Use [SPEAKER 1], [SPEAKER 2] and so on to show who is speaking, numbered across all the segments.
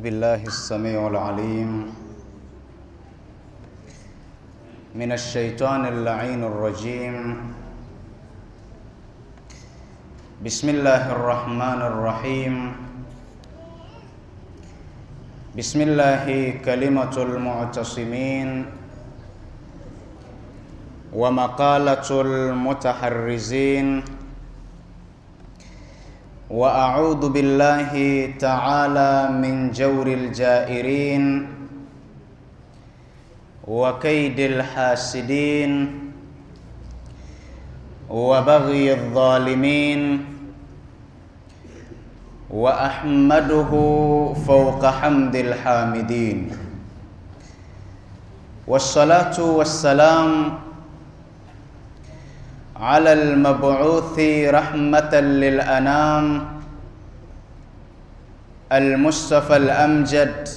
[SPEAKER 1] أعوذ بالله السميع العليم من الشيطان اللعين الرجيم بسم الله الرحمن الرحيم بسم الله كلمة المعتصمين ومقالة المتحرزين وأعوذ بالله تعالى من جور الجائرين وكيد الحاسدين وبغي الظالمين وأحمده فوق حمد الحامدين والصلاة والسلام على المبعوث رحمة للأنام المصطفى الأمجد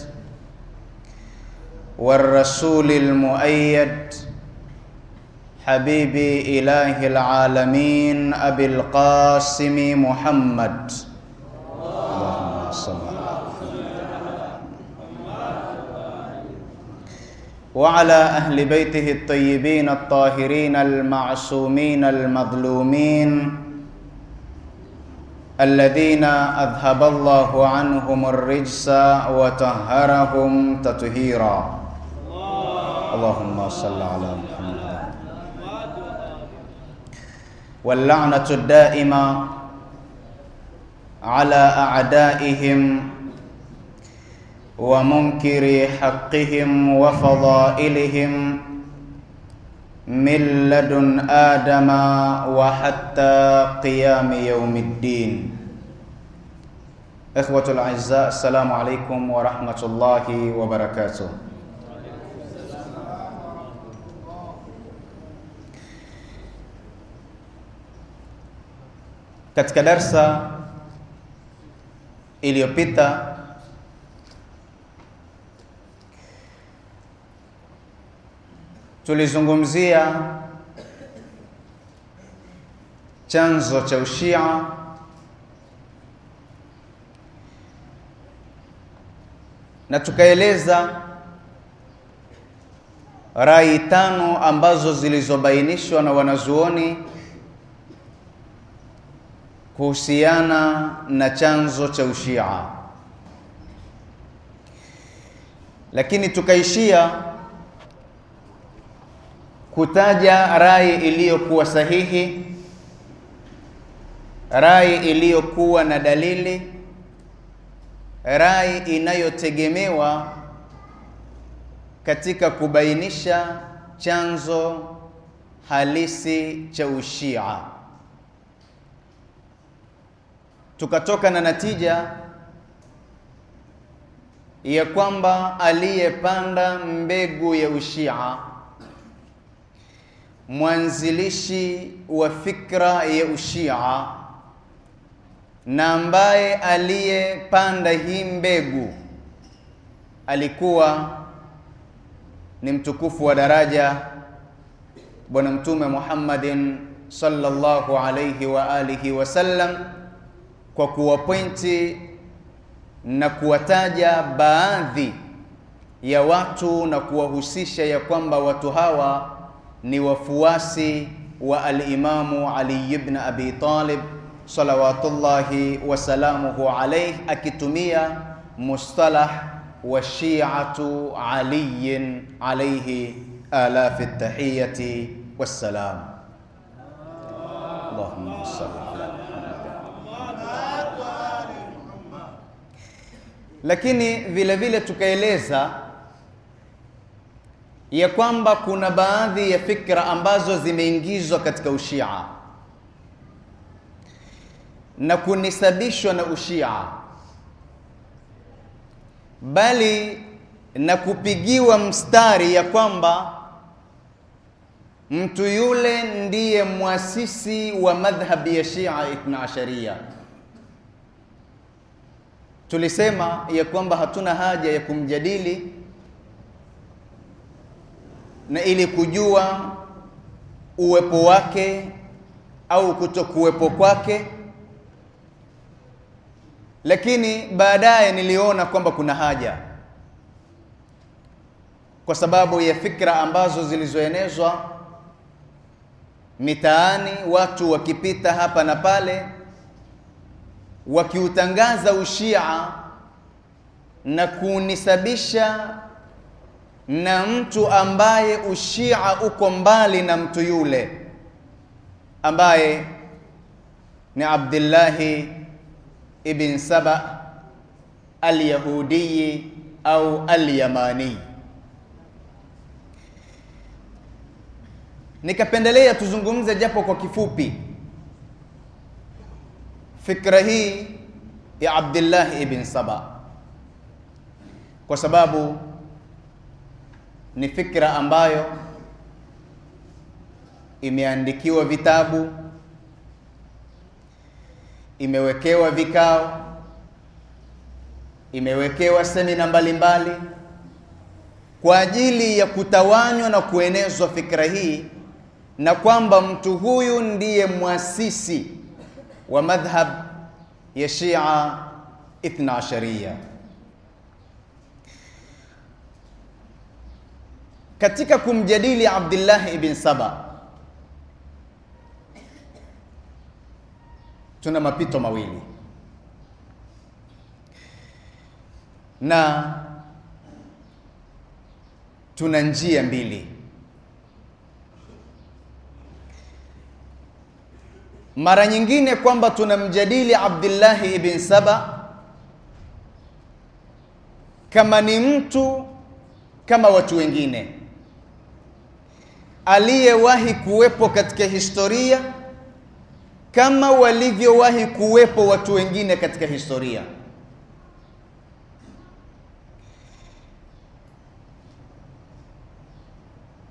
[SPEAKER 1] والرسول المؤيد حبيبي إله العالمين أبي القاسم محمد اللهم صل وعلى أهل بيته الطيبين الطاهرين المعصومين المظلومين الذين أذهب الله عنهم الرجس وطهرهم تطهيرا اللهم صل على محمد واللعنة الدائمة على أعدائهم ومنكر حقهم وفضائلهم من لدن آدم وحتى قيام يوم الدين إخوة الأعزاء السلام عليكم ورحمة الله وبركاته Katika darsa iliyopita tulizungumzia chanzo cha ushia na tukaeleza rai tano ambazo zilizobainishwa na wanazuoni kuhusiana na chanzo cha ushia, lakini tukaishia kutaja rai iliyokuwa sahihi, rai iliyokuwa na dalili, rai inayotegemewa katika kubainisha chanzo halisi cha ushia. Tukatoka na natija ya kwamba aliyepanda mbegu ya ushia mwanzilishi wa fikra ya ushia na ambaye aliyepanda hii mbegu alikuwa ni mtukufu wa daraja Bwana Mtume Muhammadin sallallahu alayhi wa alihi wasallam, kwa kuwapointi na kuwataja baadhi ya watu na kuwahusisha ya kwamba watu hawa ni wafuasi wa alimamu Ali ibn Abi Talib salawatullahi wasalamuhu alayhi, akitumia mustalah wa shi'atu aliyin alayhi alafi tahiyati wassalam. Allahumma Lakini vile vile tukaeleza ya kwamba kuna baadhi ya fikra ambazo zimeingizwa katika ushia na kunisabishwa na ushia, bali na kupigiwa mstari ya kwamba mtu yule ndiye mwasisi wa madhhabi ya Shia Ithna Asharia. Tulisema ya kwamba hatuna haja ya kumjadili na ili kujua uwepo wake au kutokuwepo kwake, lakini baadaye niliona kwamba kuna haja, kwa sababu ya fikra ambazo zilizoenezwa mitaani, watu wakipita hapa na pale wakiutangaza ushia na kunisabisha na mtu ambaye ushia uko mbali na mtu yule ambaye ni Abdillahi ibn Saba alyahudiyi au alyamani. Nikapendelea tuzungumze japo kwa kifupi fikra hii ya Abdillahi ibn Saba kwa sababu ni fikra ambayo imeandikiwa vitabu, imewekewa vikao, imewekewa semina mbalimbali kwa ajili ya kutawanywa na kuenezwa fikra hii, na kwamba mtu huyu ndiye mwasisi wa madhhab ya Shia Ithna Ashariya. katika kumjadili Abdullah ibn Saba tuna mapito mawili na tuna njia mbili. Mara nyingine kwamba tunamjadili Abdullahi ibn Saba kama ni mtu kama watu wengine aliyewahi kuwepo katika historia kama walivyowahi kuwepo watu wengine katika historia.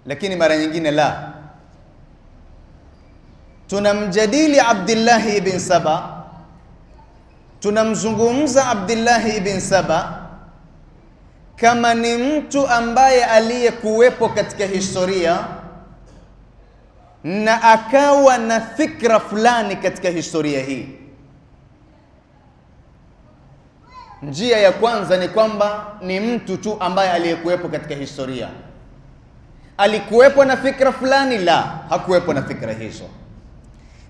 [SPEAKER 1] Lakini mara nyingine la, tunamjadili Abdillahi ibn Saba, tunamzungumza Abdillahi ibn Saba kama ni mtu ambaye aliyekuwepo katika historia na akawa na fikra fulani katika historia hii. Njia ya kwanza ni kwamba ni mtu tu ambaye aliyekuwepo katika historia. Alikuwepo na fikra fulani? La, hakuwepo na fikra hizo.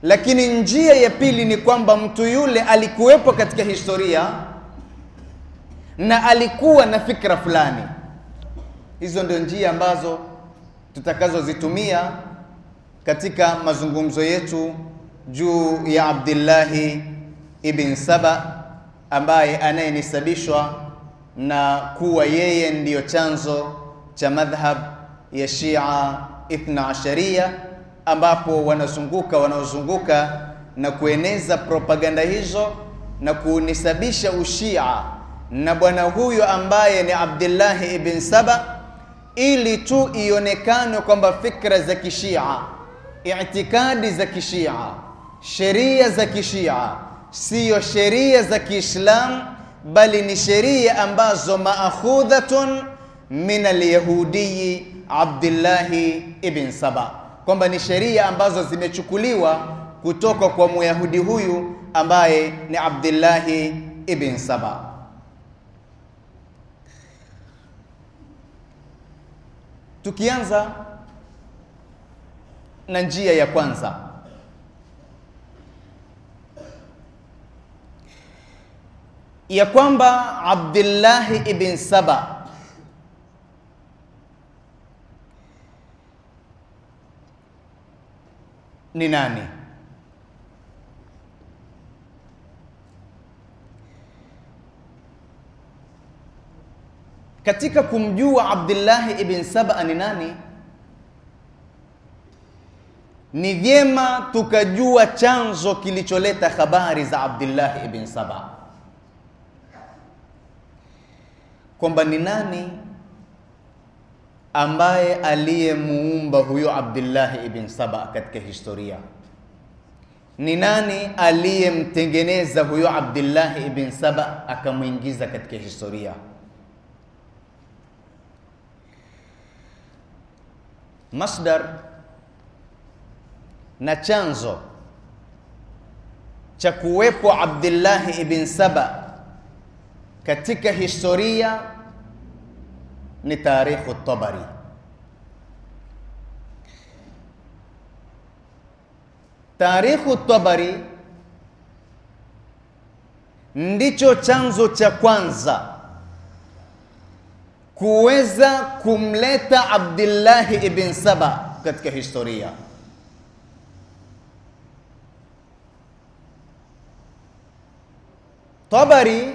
[SPEAKER 1] Lakini njia ya pili ni kwamba mtu yule alikuwepo katika historia na alikuwa na fikra fulani. Hizo ndio njia ambazo tutakazozitumia katika mazungumzo yetu juu ya Abdillahi ibn Saba ambaye anayenisabishwa na kuwa yeye ndiyo chanzo cha madhhab ya Shia Ithna Asharia, ambapo wanazunguka wanaozunguka na kueneza propaganda hizo na kunisabisha ushia na bwana huyo ambaye ni Abdillahi ibn Saba, ili tu ionekane kwamba fikra za kishia itikadi za kishia, sheria za kishia siyo sheria za Kiislamu, bali ni sheria ambazo maakhudhatun min alyahudiyi Abdillahi ibn Saba, kwamba ni sheria ambazo zimechukuliwa kutoka kwa Myahudi huyu ambaye ni Abdillahi ibn Saba. Tukianza na njia ya kwanza. Ya kwamba Abdullah ibn Saba ni nani? Katika kumjua Abdullahi ibn Saba ni nani ni vyema tukajua chanzo kilicholeta habari za Abdullah ibn Saba, kwamba ni nani ambaye aliyemuumba huyo Abdullah ibn Saba katika historia, ni nani aliyemtengeneza huyo Abdullah ibn Saba akamwingiza katika historia. Masdar na chanzo cha kuwepo Abdillahi ibn Saba katika historia ni tarikhu Tabari. Tarikhu Tabari ndicho chanzo cha kwanza kuweza kumleta Abdillahi ibn Saba katika historia. Tabari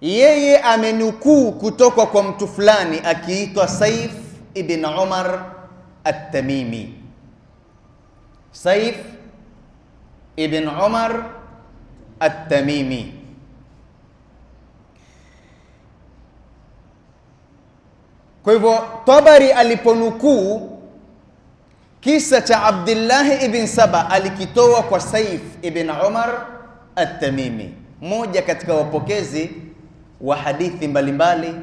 [SPEAKER 1] yeye amenukuu kutoka kwa mtu fulani akiitwa Saif ibn Umar At-Tamimi. Saif ibn Umar At-Tamimi Kwa hivyo Tabari aliponukuu kisa cha Abdullah ibn Saba alikitoa kwa Saif ibn Umar At-Tamimi, mmoja katika wapokezi wa hadithi mbalimbali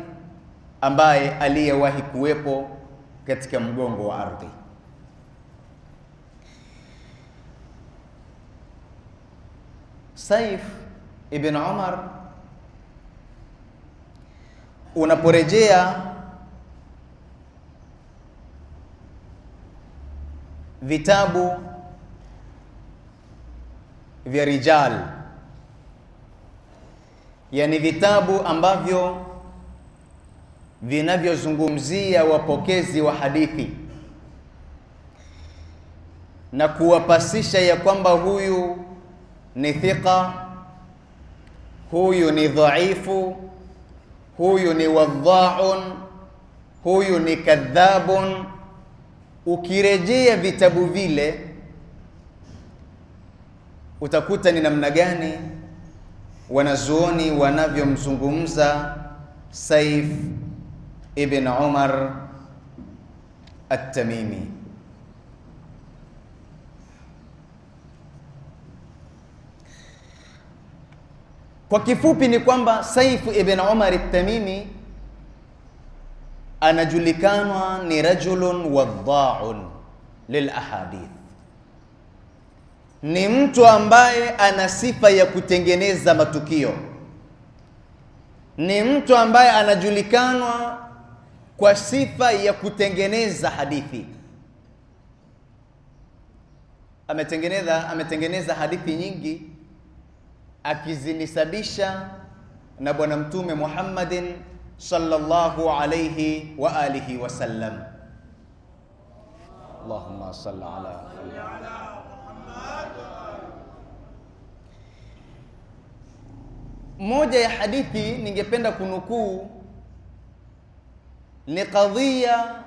[SPEAKER 1] ambaye aliyewahi kuwepo katika mgongo wa ardhi. Saif ibn Umar unaporejea vitabu vya rijal yani vitabu ambavyo vinavyozungumzia wapokezi wa hadithi na kuwapasisha ya kwamba huyu ni thiqa, huyu ni dhaifu, huyu ni wadhaun, huyu ni kadhabun. Ukirejea vitabu vile utakuta ni namna gani wanazuoni wanavyomzungumza Saif ibn Umar At-Tamimi. Kwa kifupi ni kwamba Saif ibn Umar At-Tamimi anajulikana ni rajulun wadhaun lil ahadith ni mtu ambaye ana sifa ya kutengeneza matukio, ni mtu ambaye anajulikanwa kwa sifa ya kutengeneza hadithi. Ametengeneza, ametengeneza hadithi nyingi akizinisabisha na Bwana Mtume Muhammadin sallallahu alayhi wa alihi wasallam. Allahumma salli ala moja ya hadithi ningependa kunukuu ni kadhia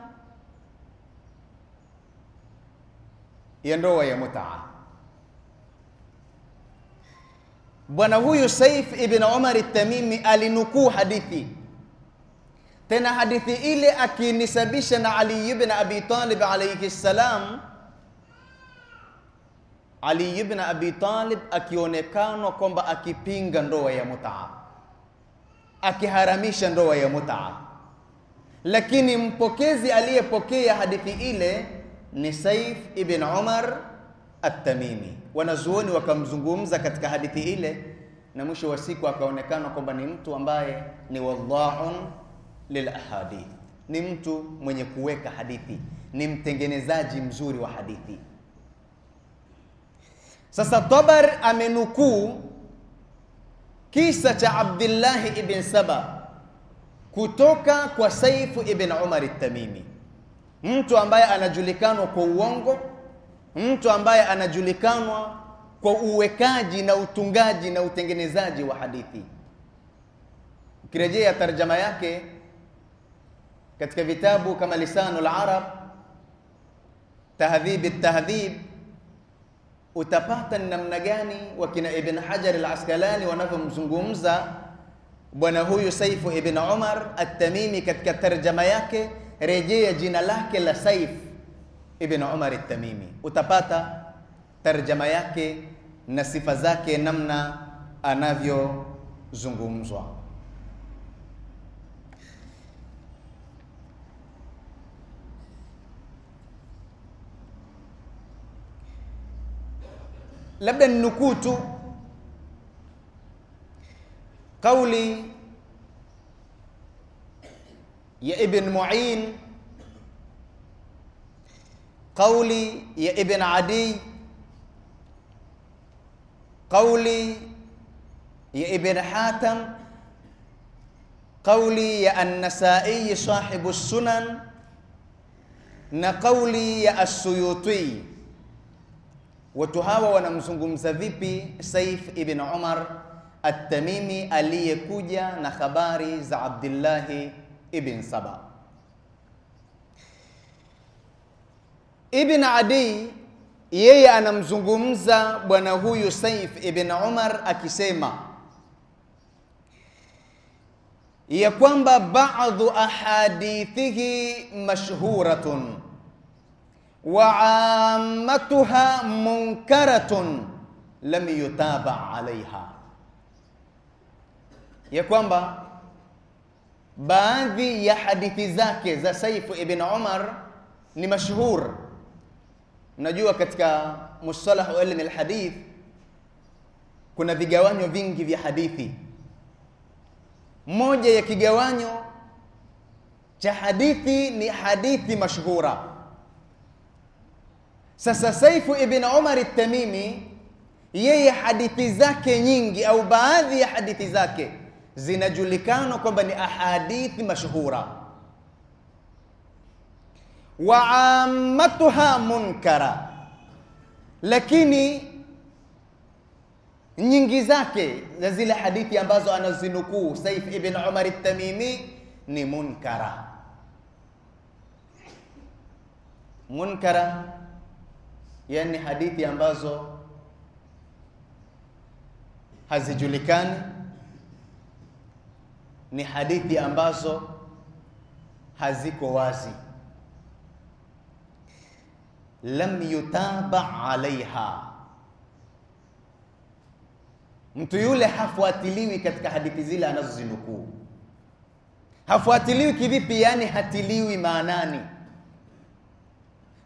[SPEAKER 1] ya ndoa ya mutaa. Bwana huyu Saif ibn Umar at-Tamimi alinukuu hadithi tena, hadithi ile akinisabisha na Ali ibn Abi Talib alayhi salam ali ibn Abi Talib akionekanwa kwamba akipinga ndoa ya mutaa, akiharamisha ndoa ya mutaa, lakini mpokezi aliyepokea hadithi ile ni Saif ibn Umar At-Tamimi. Wanazuoni wakamzungumza katika hadithi ile, na mwisho wa siku akaonekana kwamba ni mtu ambaye ni wadhaun lil ahadith, ni mtu mwenye kuweka hadithi, ni mtengenezaji mzuri wa hadithi. Sasa Tabar amenukuu kisa cha Abdillahi ibn Saba kutoka kwa Saifu ibn Umar tamimi mtu ambaye anajulikanwa kwa uongo, mtu ambaye anajulikanwa kwa uwekaji na utungaji na utengenezaji wa hadithi. Ukirejea tarjama yake katika vitabu kama Lisanul Arab, Tahdhib at-Tahdhib utapata ni namna gani wakina Ibn Hajar al asqalani wanavyomzungumza bwana huyu Saifu Ibn Umar at-Tamimi katika tarjama yake, rejea jina lake la Saif Ibn Umar at-Tamimi, utapata tarjama yake na sifa zake namna anavyozungumzwa. labda ninukuu tu قولي يا ابن معين قولي يا ابن عدي قولي يا ابن حاتم قولي يا النسائي صاحب السنن نقولي يا السيوطي Watu hawa wanamzungumza vipi Saif ibn Umar At-Tamimi aliyekuja na habari za Abdillahi ibn Saba? Ibn Adi yeye anamzungumza bwana huyu Saif ibn Umar akisema ya kwamba baadhi ahadithihi mashhuratun wa ammatuha munkaratun lam yutaba alaiha, ya kwamba baadhi ya hadithi zake za Saifu ibn Umar ni mashhur. Mnajua katika mustalah ilm ilmi alhadith kuna vigawanyo vingi vya hadithi. Moja ya kigawanyo cha hadithi ni hadithi mashhura sasa Saifu ibn Umar at-Tamimi yeye hadithi zake nyingi au baadhi ya hadithi zake zinajulikana kwamba ni ahadithi mashuhura, wa ammatuha munkara, lakini nyingi zake za zile hadithi ambazo anazinukuu Saif ibn Umar at-Tamimi ni munkara munkara yani hadithi ambazo hazijulikani, ni hadithi ambazo haziko wazi, lam yutaba alaiha, mtu yule hafuatiliwi katika hadithi zile anazozinukuu. Hafuatiliwi kivipi? Yani hatiliwi maanani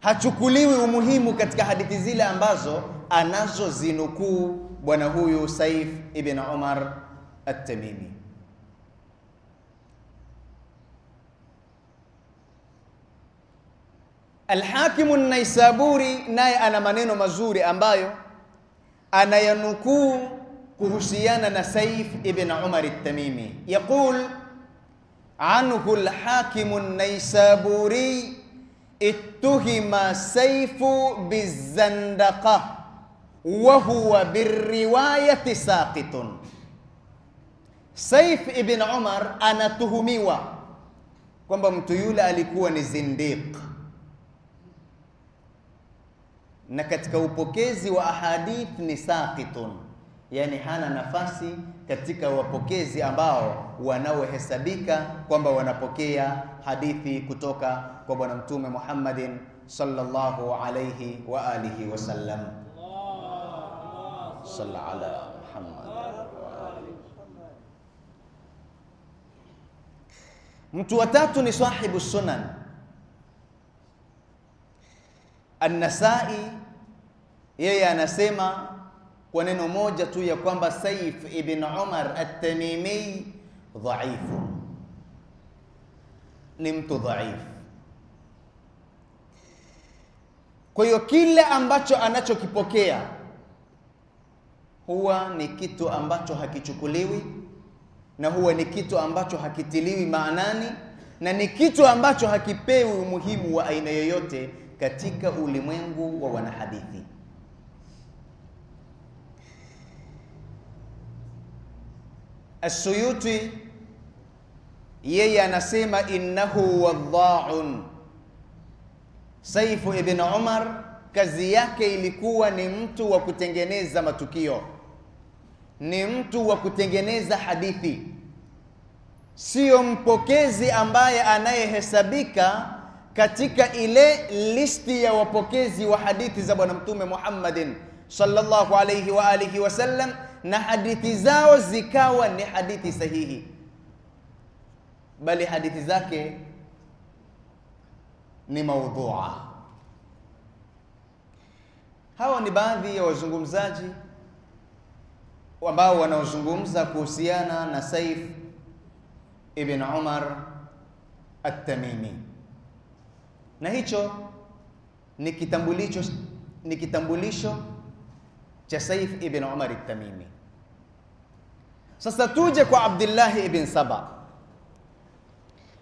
[SPEAKER 1] hachukuliwi umuhimu katika hadithi zile ambazo anazozinukuu bwana huyu Saif ibn Umar At-Tamimi. Alhakimu Naisaburi naye ana maneno mazuri ambayo anayanukuu kuhusiana na Saif ibn Umar At-Tamimi. Yaqul anhu al-Hakimu Naisaburi اتهم سيف بالزندقة وهو بالرواية ساقط سيف ابن عمر أنا تهميوا كما متيولة لكوا نزندق نكت وبوكيزي وأحاديث نساقط yani hana nafasi katika wapokezi ambao wanaohesabika kwamba wanapokea hadithi kutoka kwa Bwana Mtume Muhammadin sallallahu alayhi wa alihi wasallam. Salla ala Muhammad wa Mtu wa tatu ni sahibu sunan An-Nasai, yeye anasema kwa neno moja tu ya kwamba Saif ibn Umar at-Tamimi dhaifu, ni mtu dhaifu. Kwa hiyo kile ambacho anachokipokea huwa ni kitu ambacho hakichukuliwi na huwa ni kitu ambacho hakitiliwi maanani na ni kitu ambacho hakipewi umuhimu wa aina yoyote katika ulimwengu wa wanahadithi. Asuyuti yeye anasema innahu wadhaun. Saifu ibn Umar kazi yake ilikuwa ni mtu wa kutengeneza matukio, ni mtu wa kutengeneza hadithi, sio mpokezi ambaye anayehesabika katika ile listi ya wapokezi wa hadithi za Bwana Mtume Muhammadin sallallahu alayhi wa alihi wasallam na hadithi zao zikawa ni hadithi sahihi, bali hadithi zake ni maudhua. Hawa ni baadhi ya wazungumzaji ambao wanaozungumza kuhusiana na Saif ibn Umar At-Tamimi, na hicho ni kitambulisho ni kitambulisho cha Saif ibn Umar At-Tamimi. Sasa tuje kwa abdullahi ibn Saba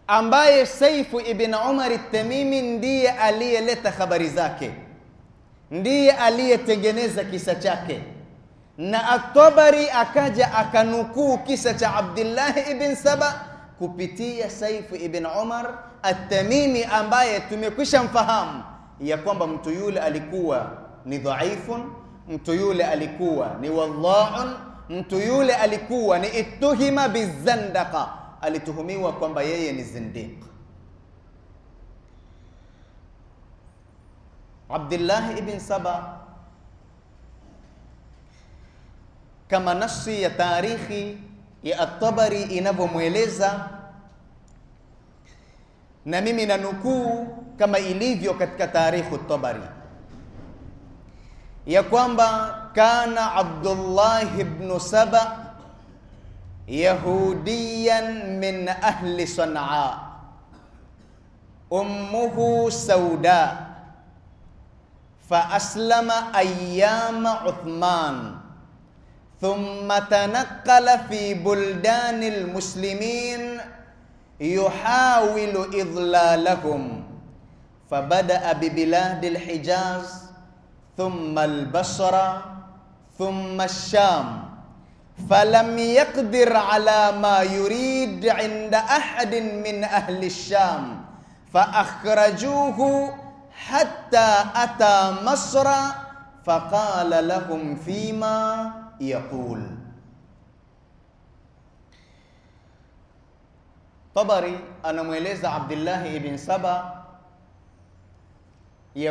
[SPEAKER 1] ambaye Saifu ibn Umar Tamimi ndiye aliyeleta habari zake, ndiye aliyetengeneza kisa chake, na at akaja akanukuu kisa cha abdullahi ibn Saba kupitia Saifu ibn Umar atamimi ambaye tumekwisha mfahamu ya kwamba mtu yule alikuwa ni dhaifun, mtu yule alikuwa ni wadhaun mtu yule alikuwa ni ituhima bizandaka, alituhumiwa kwamba yeye ni zindiq. Abdullah ibn Saba kama nafsi ya tarikhi ya At-Tabari inavyomweleza na mimi nanukuu kama ilivyo katika tarikhu Tabari ya kwamba كان عبد الله بن سبأ يهوديا من أهل صنعاء أمه سوداء فأسلم أيام عثمان ثم تنقل في بلدان المسلمين يحاول إضلالهم فبدأ ببلاد الحجاز ثم البصره ثم الشام فلم يقدر على ما يريد عند احد من اهل الشام فاخرجوه حتى اتى مصر فقال لهم فيما يقول طبري أنا anamweleza عبد الله بن سبا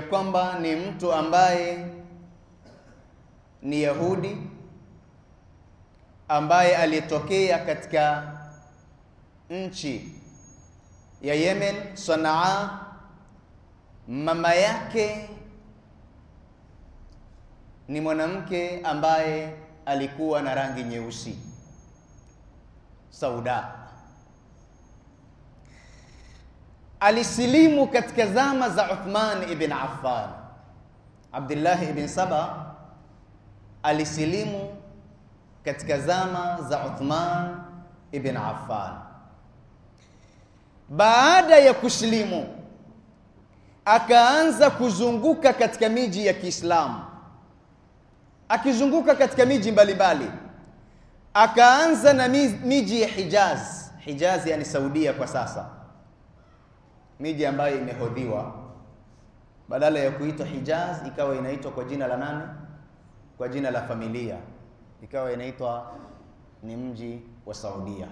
[SPEAKER 1] kwamba ni mtu ambaye ni Yahudi ambaye alitokea katika nchi ya Yemen, Sanaa. Mama yake ni mwanamke ambaye alikuwa na rangi nyeusi sauda. Alisilimu katika zama za Uthman ibn Affan. Abdullah ibn Saba alisilimu katika zama za Uthman ibn Affan. Baada ya kusilimu, akaanza kuzunguka katika miji ya Kiislamu, akizunguka katika miji mbalimbali. Akaanza na miji ya Hijaz. Hijaz yani Saudia kwa sasa, miji ambayo imehodhiwa, badala ya kuitwa Hijaz ikawa inaitwa kwa jina la nani? kwa jina la familia, ikawa inaitwa ni mji wa Saudia.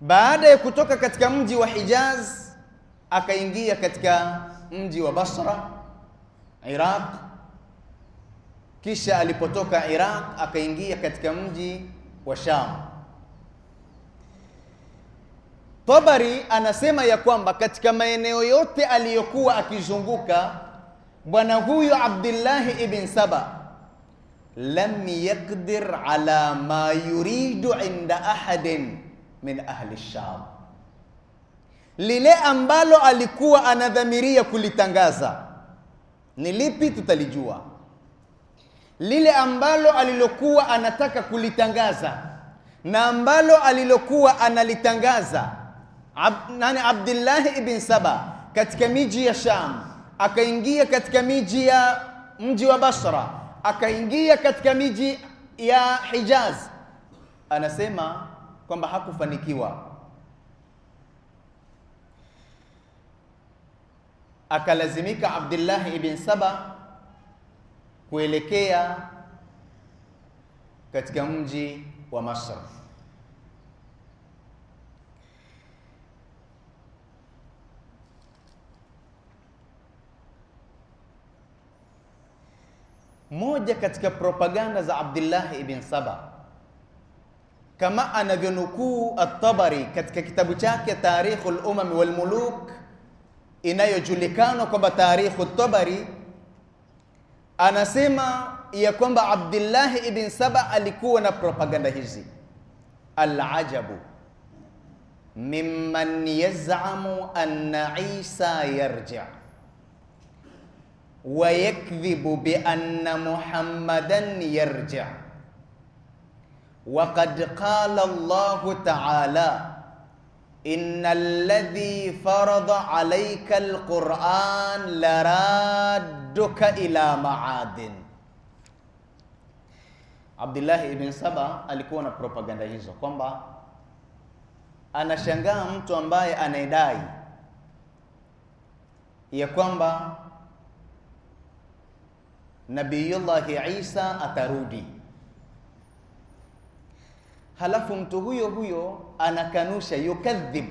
[SPEAKER 1] Baada ya kutoka katika mji wa Hijaz akaingia katika mji wa Basra, Iraq. Kisha alipotoka Iraq akaingia katika mji wa Sham. Tabari anasema ya kwamba katika maeneo yote aliyokuwa akizunguka bwana huyu Abdillahi ibn Saba lam yakdir ala ma yuridu inda ahadin min ahli Sham, lile ambalo alikuwa anadhamiria kulitangaza ni lipi? Tutalijua lile ambalo alilokuwa anataka kulitangaza na ambalo alilokuwa analitangaza Ab, nani Abdillahi ibn Saba katika miji ya Sham akaingia katika miji ya mji wa Basra, akaingia katika miji ya Hijaz, anasema kwamba hakufanikiwa. Akalazimika Abdullah ibn Saba kuelekea katika mji wa Masraf. Moja katika propaganda za Abdullah ibn Saba kama anavyonukuu At-Tabari katika kitabu chake Tarikhul Umami wal Muluk inayojulikana kwamba Tarikhu At-Tabari, anasema ya kwamba Abdullah ibn Saba alikuwa na propaganda hizi. Al-ajabu mimman yaz'amu anna Isa yarji' wa yakdhibu bi anna Muhammadan yarja. Wa qad qala Allahu ta'ala inna alladhi farada alayka alquran laradduka ila ma'adin. Abdullah ibn Saba alikuwa na propaganda hizo kwamba anashangaa mtu ambaye anayedai ya kwamba Nabiyullahi Isa atarudi. Halafu mtu huyo huyo anakanusha, yukadhib,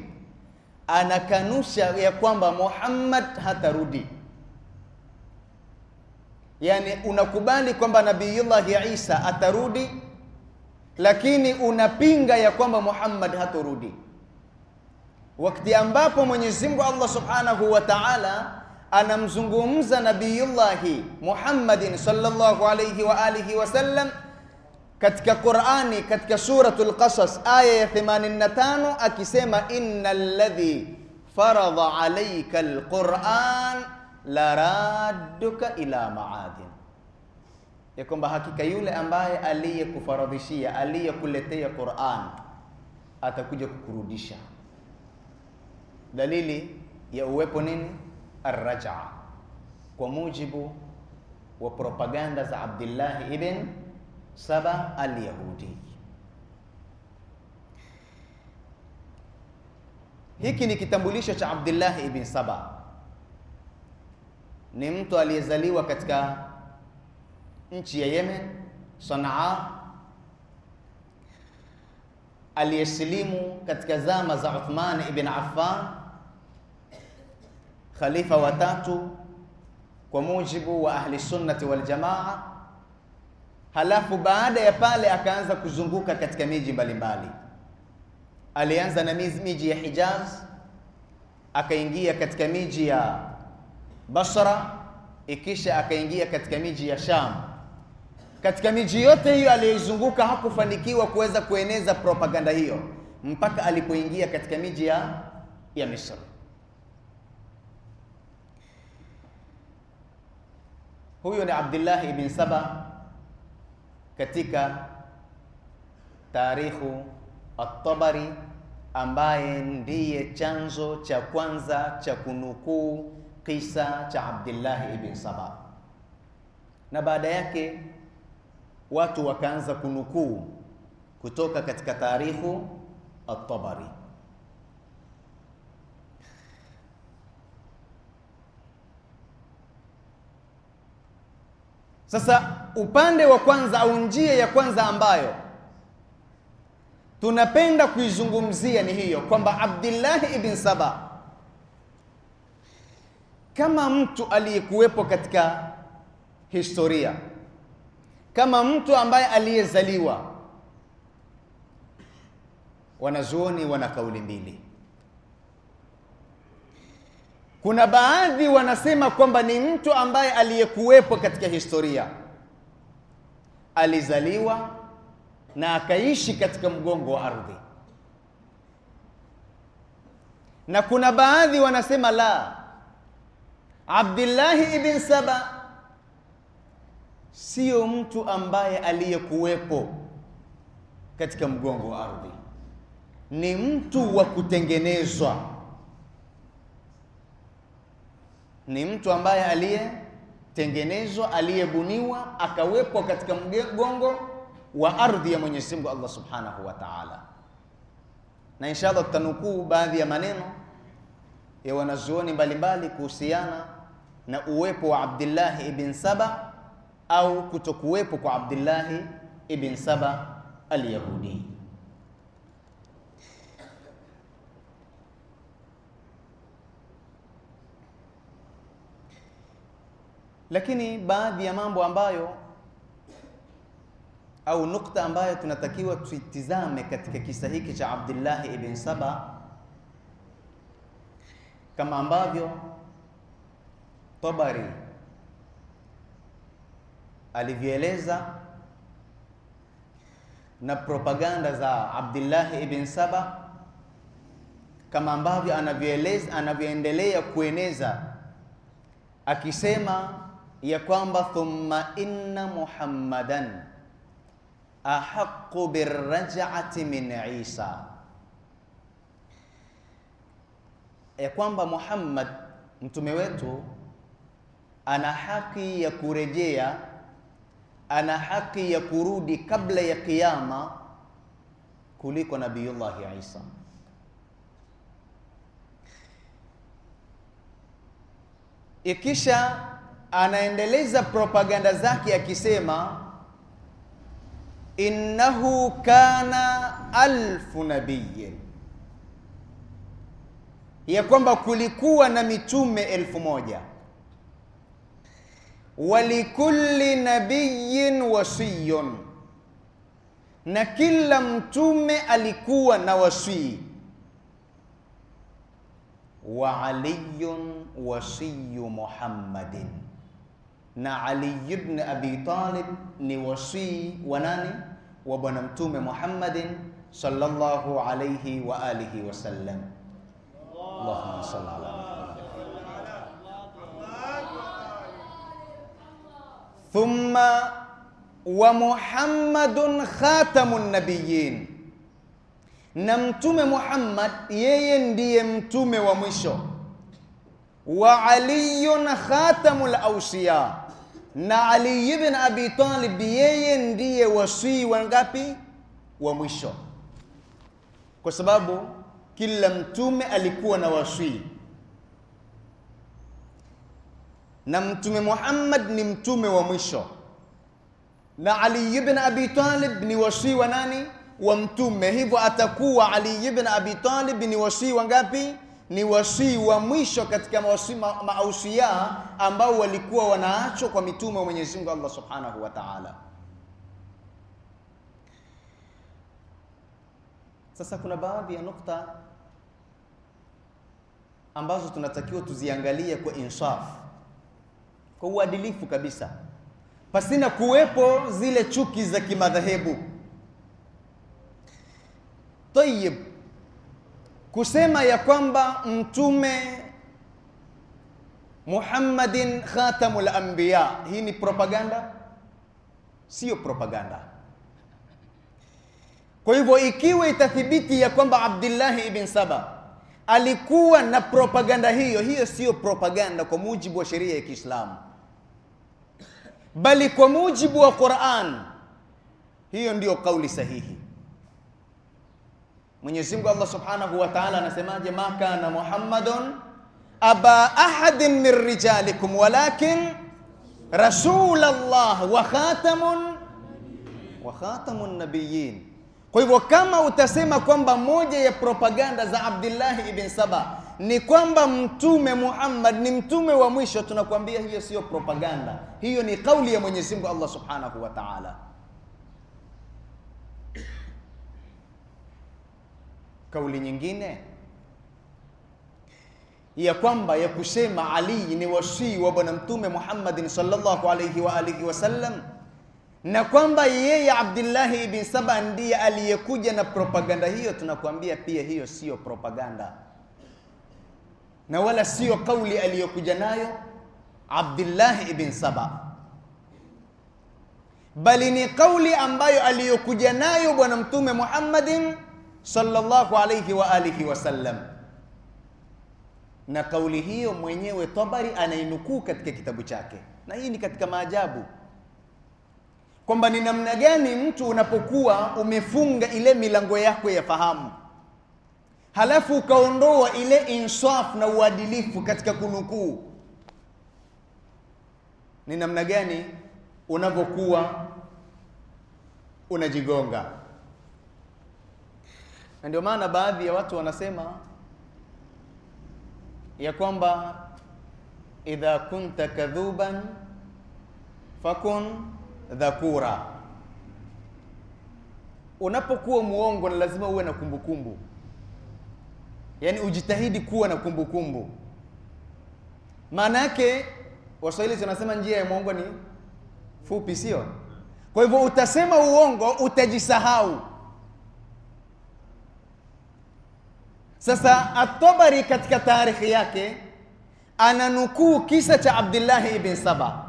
[SPEAKER 1] anakanusha ya kwamba Muhammad hatarudi. Yaani unakubali kwamba Nabiyullahi Isa atarudi, lakini unapinga ya kwamba Muhammad hatarudi, wakati ambapo Mwenyezi Mungu Allah Subhanahu wa Ta'ala anamzungumza Nabiyullahi Muhammadin sallallahu alayhi wa alihi wasallam katika Qur'ani katika suratul Qasas aya ya 85 akisema innal ladhi faradha alayka alquran laradduka ila maadin, ya kwamba hakika yule ambaye aliyekufaradhishia aliyekuletea Qur'an atakuja kukurudisha. Dalili ya uwepo nini? Arraja, kwa mujibu wa propaganda za Abdillahi ibn Saba al-Yahudi. Hiki ni kitambulisho cha Abdullah ibn Saba. Ni mtu aliyezaliwa katika nchi ya Yemen, Sanaa, aliyesilimu katika zama za Uthman ibn Affan khalifa watatu kwa mujibu wa ahli sunnati wal jamaa. Halafu baada ya pale akaanza kuzunguka katika miji mbalimbali. Alianza na miji ya Hijaz, akaingia katika miji ya Basra, ikisha akaingia katika miji ya Sham. Katika miji yote hiyo aliyoizunguka hakufanikiwa kuweza kueneza propaganda hiyo mpaka alipoingia katika miji ya ya Misri. Huyu ni Abdullah ibn Saba katika tarikhu at-Tabari ambaye ndiye chanzo cha kwanza cha kunukuu kisa cha Abdullah ibn Saba, na baada yake watu wakaanza kunukuu kutoka katika tarikhu at-Tabari. Sasa upande wa kwanza au njia ya kwanza ambayo tunapenda kuizungumzia ni hiyo kwamba Abdullah ibn Saba kama mtu aliyekuwepo katika historia, kama mtu ambaye aliyezaliwa. Wanazuoni wana kauli mbili kuna baadhi wanasema kwamba ni mtu ambaye aliyekuwepo katika historia, alizaliwa na akaishi katika mgongo wa ardhi, na kuna baadhi wanasema la, Abdillahi ibn Saba sio mtu ambaye aliyekuwepo katika mgongo wa ardhi, ni mtu wa kutengenezwa ni mtu ambaye aliyetengenezwa aliyebuniwa akawekwa katika mgongo wa ardhi ya Mwenyezi Mungu Allah Subhanahu wa Ta'ala. Na inshallah tutanukuu baadhi ya maneno ya wanazuoni mbalimbali kuhusiana na uwepo wa Abdullah ibn Saba au kutokuwepo kwa Abdullah ibn Saba al-Yahudi. Lakini baadhi ya mambo ambayo au nukta ambayo tunatakiwa tuitizame katika kisa hiki cha Abdullah ibn Saba kama ambavyo Tabari alivyoeleza na propaganda za Abdullah ibn Saba kama ambavyo anavyoeleza anavyoendelea kueneza akisema ya kwamba thumma inna Muhammadan ahaqqu birraj'ati min Isa, ya kwamba Muhammad mtume wetu ana haki ya kurejea, ana haki ya kurudi kabla ya kiyama kuliko Nabiyullahi Isa. Ikisha anaendeleza propaganda zake akisema innahu kana alfu nabiyin, ya kwamba kulikuwa na mitume elfu moja walikulli nabiyin wasiyun, na kila mtume alikuwa na wasii. Wa aliyun wasiyu Muhammadin na Ali ibn Abi Talib ni wasii wa nani wa bwana mtume Muhammadin sallallahu alayhi wa alihi wasallam. Allahumma salli ala Muhammad. Thumma wa Muhammadun khatamun nabiyyin, na mtume Muhammad yeye ndiye mtume wa mwisho. Wa aliyun khatamul awsiya na Ali ibn Abi Talib yeye ndiye wasii wangapi wa mwisho, kwa sababu kila mtume alikuwa na wasii, na mtume Muhammad ni mtume wa mwisho, na Ali ibn Abi Talib ni wasii wa nani? Wa mtume. Hivyo atakuwa Ali ibn Abi Talib ni wasii wangapi? ni wasii wa mwisho katika mausia ambao walikuwa wanaachwa kwa mitume wa Mwenyezi Mungu Allah Subhanahu wa Ta'ala. Sasa kuna baadhi ya nukta ambazo tunatakiwa tuziangalie kwa insaf, kwa uadilifu kabisa, pasina kuwepo zile chuki za kimadhehebu. Tayeb, kusema ya kwamba mtume Muhammadin khatamul anbiya, hii ni propaganda? Siyo propaganda. Kwa hivyo ikiwa itathibiti ya kwamba Abdullah ibn Saba alikuwa na propaganda hiyo, hiyo siyo propaganda kwa mujibu wa sheria ya Kiislamu, bali kwa mujibu wa Qur'an, hiyo ndiyo kauli sahihi. Mwenyezi Mungu Allah Subhanahu wa Ta'ala anasemaje? ma kana Muhammadun aba ahadin min rijalikum walakin rasulallah wa khatamun wa khatamun nabiyyin. Kwa hivyo kama utasema kwamba moja ya propaganda za Abdullahi ibn Saba ni kwamba Mtume Muhammad ni mtume wa mwisho, tunakuambia hiyo siyo propaganda, hiyo ni kauli ya Mwenyezi Mungu Allah Subhanahu wa Ta'ala. kauli nyingine ya kwamba ya kusema Ali ni wasii wa Bwana Mtume Muhammadin sallallahu alayhi wa alihi wasallam na kwamba yeye Abdillahi ibn Saba ndiye aliyekuja na propaganda hiyo, tunakuambia pia hiyo siyo propaganda na wala siyo kauli aliyokuja nayo Abdillahi ibn Saba, bali ni kauli ambayo aliyokuja nayo Bwana Mtume Muhammadin sallallahu alayhi wa alihi wasallam. Na kauli hiyo mwenyewe Tabari anainukuu katika kitabu chake, na hii ni katika maajabu kwamba ni namna gani mtu unapokuwa umefunga ile milango yako ya fahamu, halafu ukaondoa ile insaf na uadilifu katika kunukuu, ni namna gani unavyokuwa unajigonga. Na ndio maana baadhi ya watu wanasema ya kwamba idha kunta kadhuban fakun dhakura, unapokuwa muongo na lazima uwe na kumbukumbu kumbu. Yani ujitahidi kuwa na kumbukumbu. Maana yake Waswahili wanasema njia ya muongo ni fupi, sio? Kwa hivyo utasema uongo, utajisahau Sasa at katika taarikhi yake ananukuu kisa cha Abdillahi ibn Saba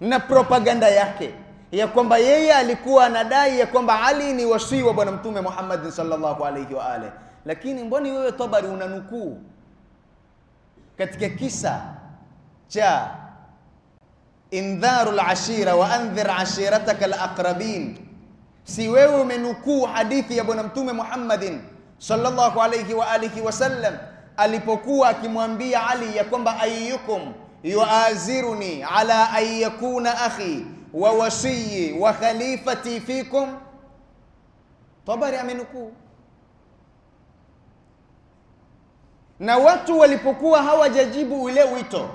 [SPEAKER 1] na propaganda yake ya kwamba yeye alikuwa anadai ya kwamba Ali ni wasii wa Bwana Mtume Muhammad sallallahu alaihi wa alihi, lakini mboni wewe Tabari unanukuu katika kisa cha indharu lashira wa andhir ashirataka alaqrabin, si wewe umenukuu hadithi ya Bwana Mtume Muhammadin sallallahu alayhi wa alihi wasallam alipokuwa akimwambia Ali ya kwamba ayyukum yuaziruni ala an yakuna akhi wa wasiyi wa khalifati fikum, Tabari amenukuu. Na watu walipokuwa hawajajibu ule wito,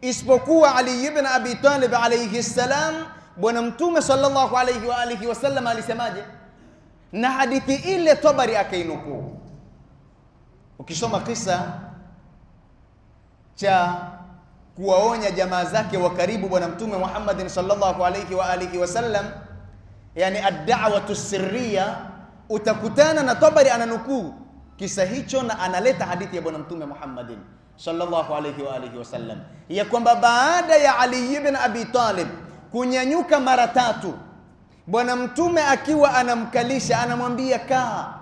[SPEAKER 1] isipokuwa Ali ibn Abi Talib alayhi salam, Bwana Mtume sallallahu alayhi wa alihi wasallam alisemaje? na hadithi ile Tabari akainukuu. Ukisoma kisa cha kuwaonya jamaa zake wa karibu Bwana Mtume Muhammadin sallallahu alayhi wa alihi wasallam, yani ad-da'watu sirriya, utakutana na Tabari ananukuu kisa hicho na analeta hadithi ya Bwana Mtume Muhammadin sallallahu alayhi wa alihi wasallam ya kwamba baada ya Ali ibn Abi Talib kunyanyuka mara tatu Bwana Mtume akiwa anamkalisha anamwambia kaa.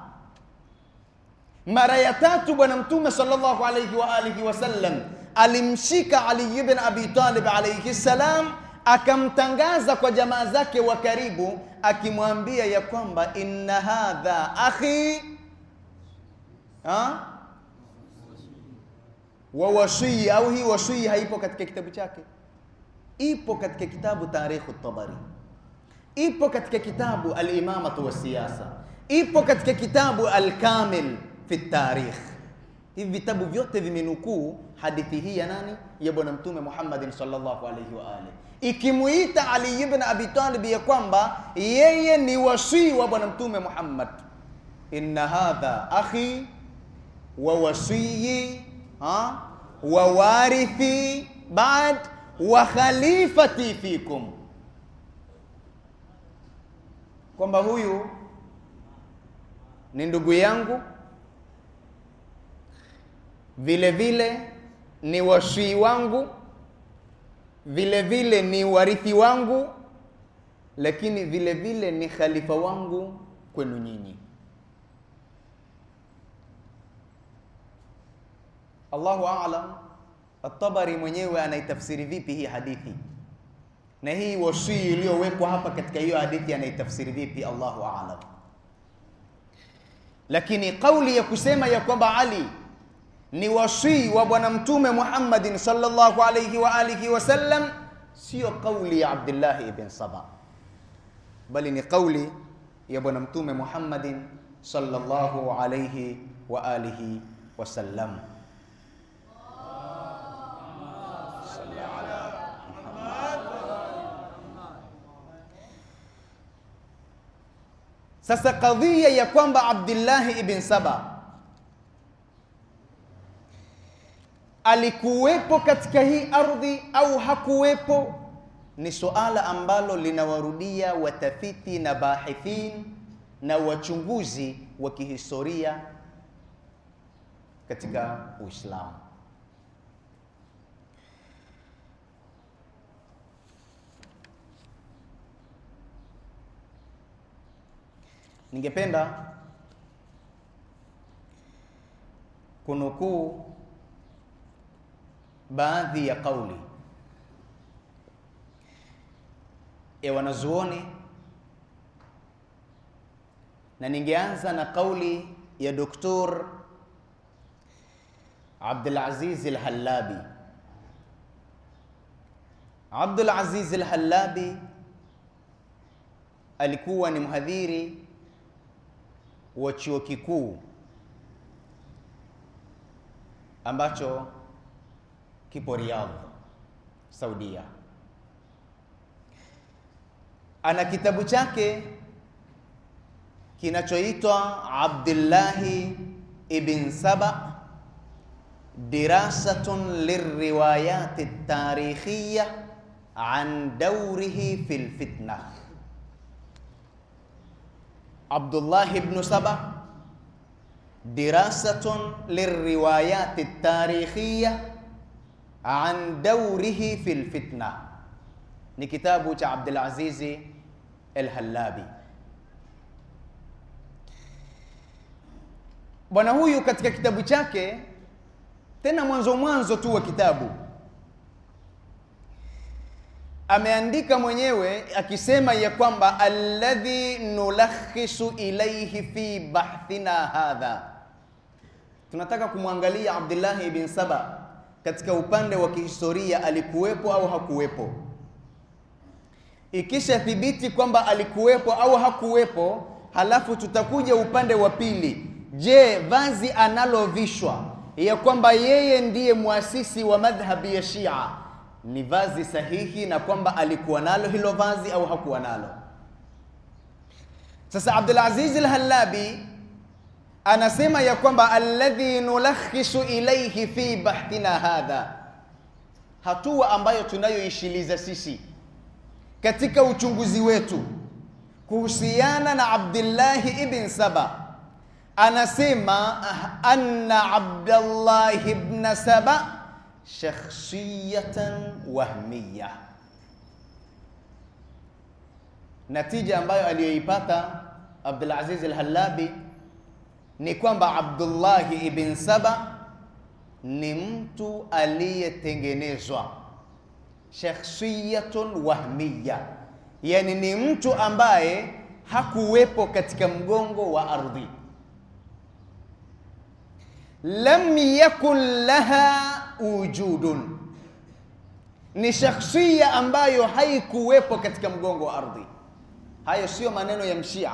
[SPEAKER 1] Mara ya tatu Bwana Mtume sallallahu alayhi wa alihi wasallam alimshika Ali ibn Abi Talib alayhi salam, akamtangaza kwa jamaa zake wa karibu, akimwambia ya kwamba inna hadha akhi ha? wa wasii au hii wasii haipo katika kitabu chake, ipo katika kitabu Tarikhu Tabari ipo katika kitabu Alimamatu wa Siasa, ipo katika kitabu Alkamil fi Tarikh. Hivi vitabu vyote vimenukuu hadithi hii ya nani? Ya Bwana Mtume Muhammadin sallallahu alaihi wa alihi, ikimuita Ali ibn Abi Talib ya kwamba yeye ni wasii wa Bwana Mtume Muhammad, inna hadha akhi wa wasiyi wa warithi ba'd wa khalifati fikum kwamba huyu ni ndugu yangu, vile vile ni washii wangu, vile vile ni warithi wangu, lakini vile vile ni khalifa wangu kwenu nyinyi. Allahu a'lam. At-Tabari mwenyewe anaitafsiri vipi hii hadithi? na hii wasii iliyowekwa hapa katika hiyo hadithi anaitafsiri vipi? Allahu alam Lakini kauli ya kusema ya kwamba Ali ni wasii wa Bwana Mtume Muhammadin sallallahu alayhi wa alihi wasallam siyo kauli ya Abdullah ibn Saba, bali ni kauli ya Bwana Mtume Muhammadin sallallahu alayhi wa alihi wasallam. Sasa kadhia ya kwamba abdullahi ibn Saba alikuwepo katika hii ardhi au hakuwepo, ni suala ambalo linawarudia watafiti na bahithin na wachunguzi wa kihistoria katika Uislamu. ningependa kunukuu baadhi ya kauli ya wanazuoni na ningeanza na kauli ya Doktor Abdul Aziz Al-Hallabi. Abdul Aziz al alikuwa ni mhadhiri wa chuo kikuu ambacho kipo Riyadh, Saudia. Ana kitabu chake kinachoitwa Abdillahi ibn Saba dirasatun lirriwayati tarikhiya an daurihi fil fitnah عبد الله بن سبا دراسة للروايات التاريخية عن دوره في الفتنة نكتابه عبد العزيز الهلابي bwana huyu كتابه تنا منزو منزو تو كتابه ameandika mwenyewe akisema ya kwamba alladhi nulakhisu ilaihi fi bahthina hadha, tunataka kumwangalia Abdullahi ibn Saba katika upande wa kihistoria, alikuwepo au hakuwepo. Ikisha thibiti kwamba alikuwepo au hakuwepo, halafu tutakuja upande wa pili. Je, vazi analovishwa ya kwamba yeye ndiye muasisi wa madhhabi ya Shia ni vazi sahihi na kwamba alikuwa nalo hilo vazi au hakuwa nalo. Sasa Abdul Aziz Al-Halabi anasema ya kwamba alladhi nulakhishu ilayhi fi bahthina hadha, hatua ambayo tunayoishiliza sisi katika uchunguzi wetu kuhusiana na Abdullah ibn Saba anasema ah, anna Abdullah ibn Saba shakhsiyatan wahmiya. Natija ambayo aliyoipata Abdulaziz al-Halabi ni kwamba Abdullahi ibn Saba ni mtu aliyetengenezwa shakhsiyatun wahmiya, yani ni mtu ambaye hakuwepo katika mgongo wa ardhi, lam yakun laha ujudun, ni shakhsia ambayo haikuwepo katika mgongo wa ardhi. Hayo siyo maneno ya mshia,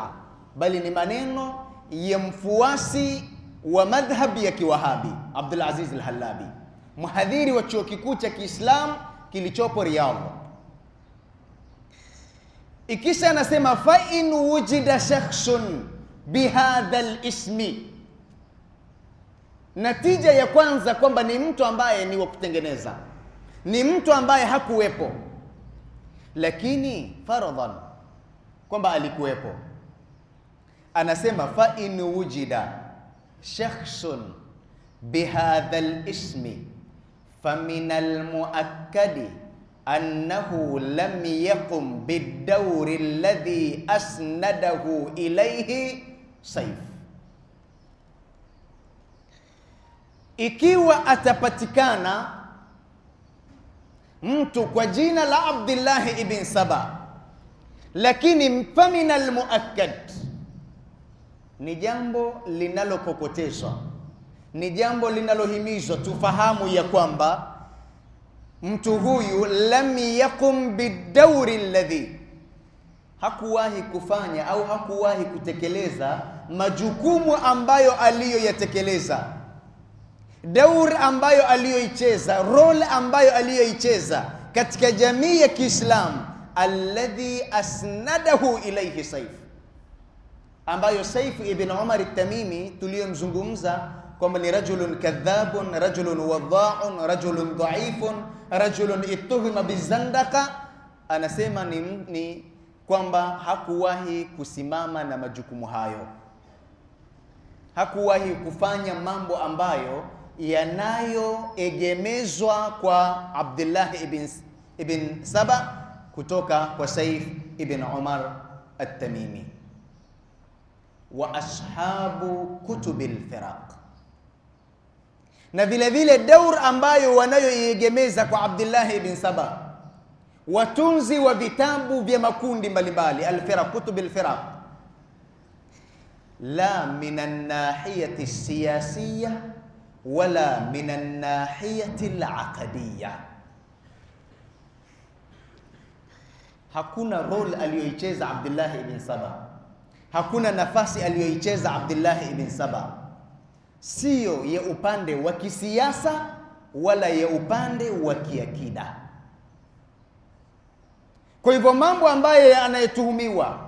[SPEAKER 1] bali ni maneno ya mfuasi wa madhhabi ya kiwahabi Abdul Aziz al-Halabi, mhadhiri wa chuo kikuu cha Kiislamu kilichopo Riyadh. Ikisha anasema fa in wujida shakhsun bihadha lismi Natija ya kwanza kwamba ni mtu ambaye ni wa kutengeneza, ni mtu ambaye hakuwepo, lakini faradhan kwamba alikuwepo. Anasema fa in wujida shakhsun bihadha lismi famin almuakkadi annahu lam yaqum biddauri alladhi asnadahu ilayhi saifu ikiwa atapatikana mtu kwa jina la Abdillahi ibn Saba, lakini famina almuakkad, ni jambo linalokokoteshwa, ni jambo linalohimizwa. Tufahamu ya kwamba mtu huyu lam yakum bidauri alladhi, hakuwahi kufanya au hakuwahi kutekeleza majukumu ambayo aliyoyatekeleza daur ambayo aliyoicheza, role ambayo aliyoicheza katika jamii ya Kiislamu, alladhi asnadahu ilaihi Saif, ambayo Saif ibn Umar at-Tamimi tuliyomzungumza kwamba ni rajulun kadhabun, rajulun wadhaun, rajulun dhaifun, rajulun ituhima bizandaka, anasema ni, ni kwamba hakuwahi kusimama na majukumu hayo, hakuwahi kufanya mambo ambayo yanayoegemezwa kwa Abdullah ibn, ibn Saba kutoka kwa Saif ibn Umar at-Tamimi wa ashabu kutubil firaq, na vile vile daur ambayo wanayoiegemeza kwa Abdullah ibn Saba, watunzi wa vitabu vya makundi mbalimbali al-firaq, kutubil firaq, la min an-nahiyati siyasiyah wala min annahiyati alaqadiyya, Hakuna role aliyoicheza Abdullah ibn Saba, hakuna nafasi aliyoicheza Abdullah ibn Saba, siyo ya upande wa kisiasa wala ya upande wa kiakida. Kwa hivyo mambo ambayo anayetuhumiwa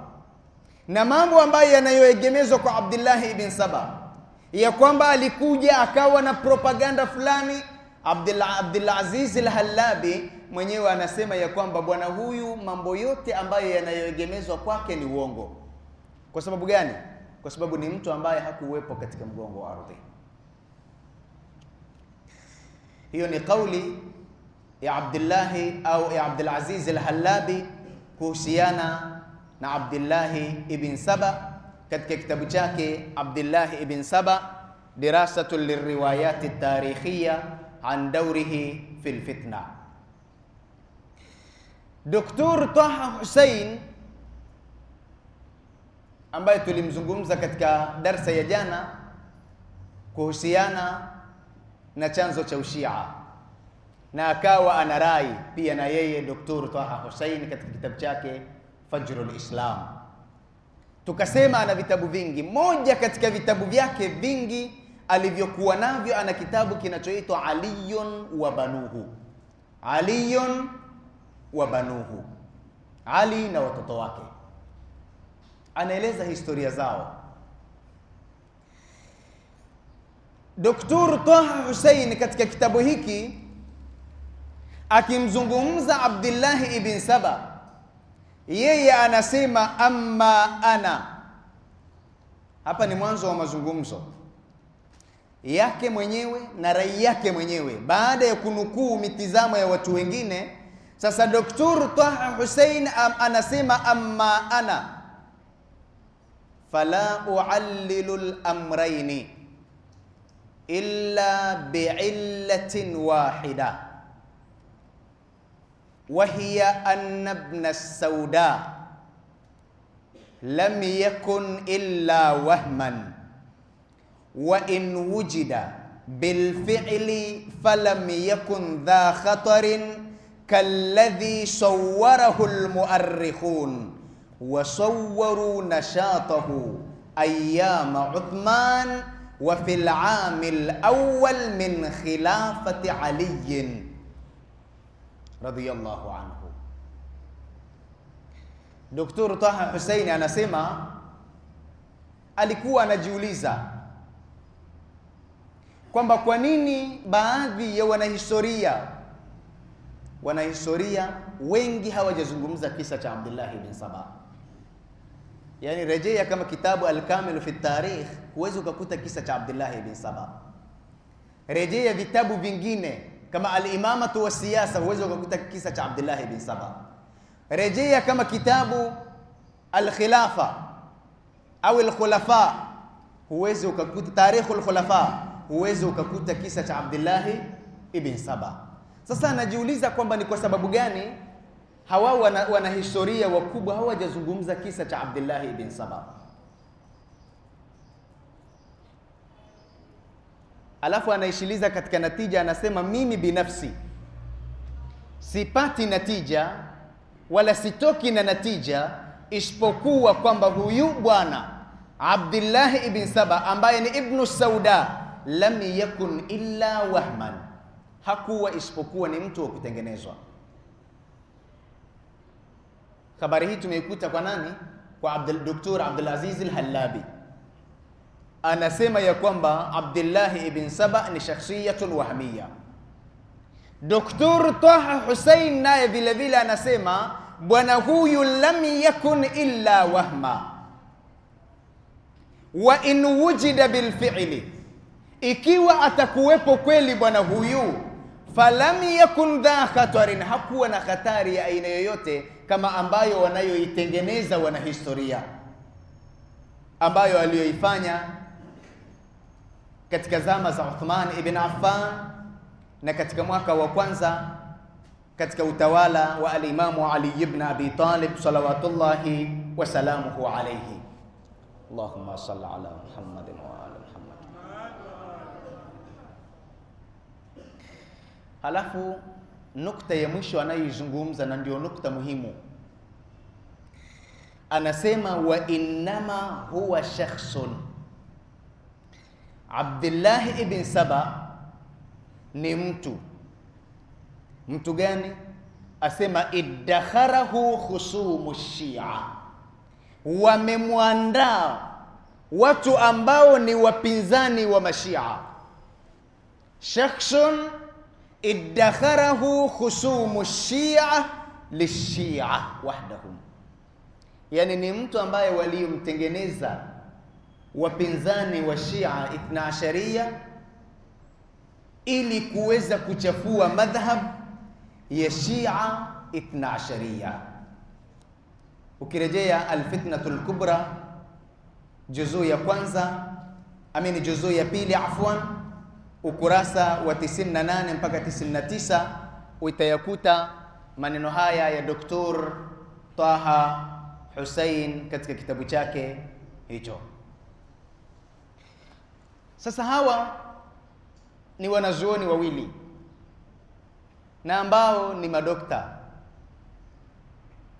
[SPEAKER 1] na mambo ambayo yanayoegemezwa kwa Abdullah ibn Saba ya kwamba alikuja akawa na propaganda fulani. Abdulaziz al mwenyewe anasema ya kwamba bwana huyu mambo yote ambayo yanayoegemezwa kwake ni uongo. Kwa sababu gani? Kwa sababu ni mtu ambaye hakuwepo katika mgongo wa ardhi. Hiyo ni kauli ya Abdullahi au ya Abdulaziz al kuhusiana na Abdullahi ibn Saba katika kitabu chake Abdullah ibn Saba dirasatu liriwayati tarikhia an daurihi fil fitna. Dr. Taha Hussein ambaye tulimzungumza katika darsa ya jana kuhusiana na chanzo cha ushia na akawa ana pia na yeye Dr. Taha Hussein katika kitabu chake Fajrul Islam Tukasema ana vitabu vingi. Moja katika vitabu vyake vingi alivyokuwa navyo, ana kitabu kinachoitwa Aliyun wa Banuhu, Aliyun wa Banuhu, Ali na watoto wake. Anaeleza historia zao. Doktor Taha Hussein katika kitabu hiki akimzungumza Abdullahi ibn Saba yeye anasema amma ana. Hapa ni mwanzo wa mazungumzo yake mwenyewe na rai yake mwenyewe, baada ya kunukuu mitizamo ya watu wengine. Sasa Doktor Taha Hussein am, anasema amma ana fala uallilu lamraini illa biillatin wahida وهي أن ابن السوداء لم يكن إلا وهما وإن وجد بالفعل فلم يكن ذا خطر كالذي صوره المؤرخون وصوروا نشاطه أيام عثمان وفي العام الأول من خلافة علي radhiallahu anhu. Dr. Taha Hussein anasema alikuwa anajiuliza kwamba kwa nini baadhi ya wanahistoria wanahistoria wengi hawajazungumza kisa cha Abdullah bin Saba. Yaani rejea kama kitabu Al-Kamil fi Tarikh, huwezi ukakuta kisa cha Abdullah bin Saba. Rejea vitabu vingine kama alimamatu wa huwezi ukakuta kisa cha Abdullahi bin Saba. Rejea kama kitabu Alkhilafa au Alkhulafa, huwezi ukakuta tarikhu Alkhulafa, huwezi ukakuta kisa cha Abdullahi ibn Saba. Sasa anajiuliza kwamba ni kwa sababu gani hawa wana, wana historia wakubwa hawajazungumza kisa cha Abdullahi ibn Saba. alafu anaishiliza katika natija, anasema mimi binafsi sipati natija wala sitoki na natija isipokuwa kwamba huyu bwana Abdullah ibn Saba ambaye ni Ibnu Sauda lam yakun illa wahman, hakuwa isipokuwa ni mtu wa kutengenezwa. Habari hii tumeikuta kwa nani? Kwa Abdul Doktor Abdul Aziz al-Halabi anasema ya kwamba Abdillahi ibn Saba ni shakhsiyatun wahmiya. Doktor Taha Hussein naye vile vile anasema bwana huyu lam yakun illa wahma wa in wujida bilfi'li, ikiwa atakuwepo kweli bwana huyu falam yakun dha khatarin, hakuwa na khatari ya aina yoyote kama ambayo wanayoitengeneza wanahistoria ambayo aliyoifanya katika zama za Uthman ibn Affan na katika mwaka wa kwanza katika utawala wa alimamu Ali ibn Abi Talib salawatullahi wasalamuhu alayhi. Allahumma salli ala Muhammad wa ala Muhammad. Halafu nukta ya mwisho anayoizungumza na ndio nukta muhimu, anasema wa innama huwa shakhsun Abdullah ibn Saba ni mtu mtu gani? Asema iddakharahu khusumu Shia, wamemwandaa watu ambao ni wapinzani wa Mashia. Shakhsun iddakharahu khusumu Shia lishia wahdahum, yani ni mtu ambaye waliomtengeneza wapinzani wa Shia Ithna Asharia ili kuweza kuchafua madhhab ya Shia Ithna Asharia. Ukirejea Alfitnatul Kubra juzuu ya kwanza amini juzuu ya pili afwan, ukurasa wa 98 mpaka 99, utayakuta maneno haya ya Doktor Taha Hussein katika kitabu chake hicho. Sasa hawa ni wanazuoni wawili na ambao ni madokta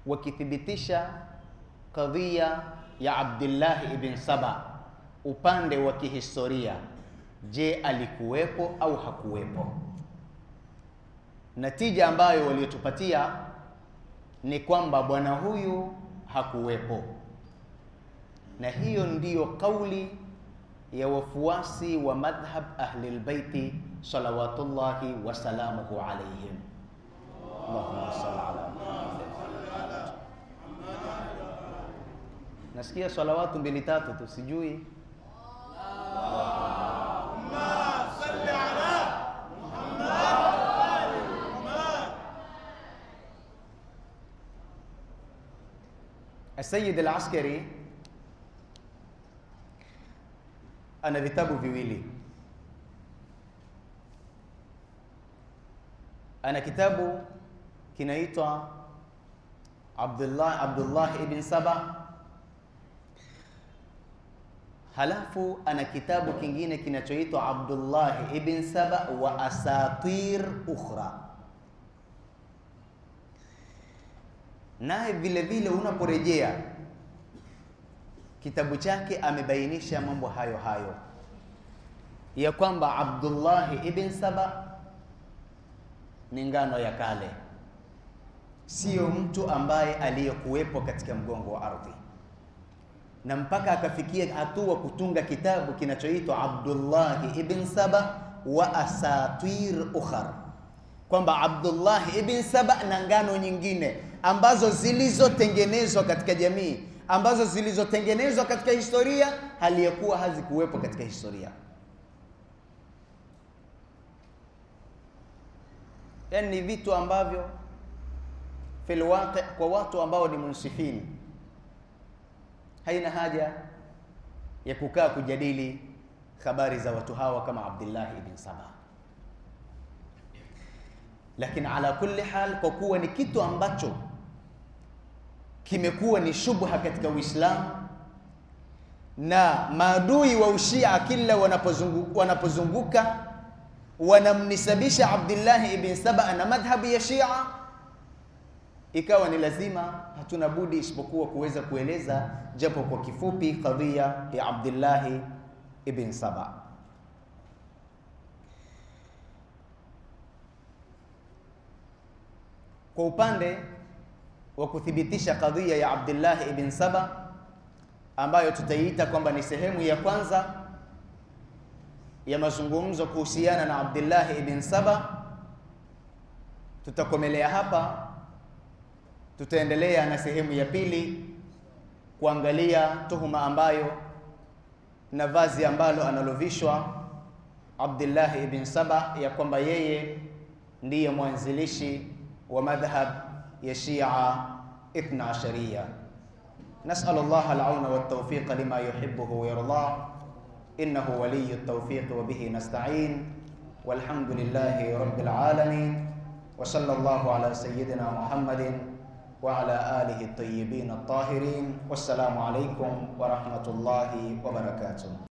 [SPEAKER 1] wakithibitisha kadhia ya Abdullah ibn Saba upande wa kihistoria. Je, alikuwepo au hakuwepo? Natija ambayo waliotupatia ni kwamba bwana huyu hakuwepo, na hiyo ndiyo kauli ya wafuasi wa madhhab ahli lbaiti salawatullahi wasalamuhu alaihim. Allahumma salli ala Nasikia salawatu mbili tatu tu, sijui السيد العسكري ana vitabu viwili ana kitabu kinaitwa Abdullah Abdullah ibn Saba halafu ana kitabu kingine kinachoitwa Abdullah ibn Saba wa asatir ukhra. Naye vile vile unaporejea kitabu chake amebainisha mambo hayo hayo ya kwamba Abdullahi ibn Saba ni ngano ya kale, sio mtu ambaye aliyekuwepo katika mgongo wa ardhi, na mpaka akafikia hatua kutunga kitabu kinachoitwa Abdullahi ibn Saba wa asatir ukhar, kwamba Abdullahi ibn Saba na ngano nyingine ambazo zilizotengenezwa katika jamii ambazo zilizotengenezwa katika historia haliyekuwa hazikuwepo katika historia yani ni vitu ambavyo fil kwa watu ambao ni munsifini haina haja ya kukaa kujadili habari za watu hawa kama Abdullah ibn Saba lakini ala kulli hal kwa kuwa ni kitu ambacho kimekuwa ni shubha katika Uislamu, na maadui wa ushia kila wanapozungu, wanapozunguka wanamnisabisha Abdullah ibn Saba na madhhabu ya Shia, ikawa ni lazima hatuna budi isipokuwa kuweza kueleza japo kwa kifupi kadhia ya Abdullah ibn Saba. Kwa upande wa kuthibitisha kadhia ya Abdullah ibn Saba ambayo tutaiita kwamba ni sehemu ya kwanza ya mazungumzo kuhusiana na Abdullah ibn Saba. Tutakomelea hapa, tutaendelea na sehemu ya pili kuangalia tuhuma ambayo na vazi ambalo analovishwa Abdullah ibn Saba ya kwamba yeye ndiye mwanzilishi wa madhhab ya Shia اثنا عشرية نسأل الله العون والتوفيق لما يحبه ويرضاه إنه ولي التوفيق وبه نستعين والحمد لله رب العالمين وصلى الله على سيدنا محمد وعلى آله الطيبين الطاهرين والسلام عليكم ورحمة الله وبركاته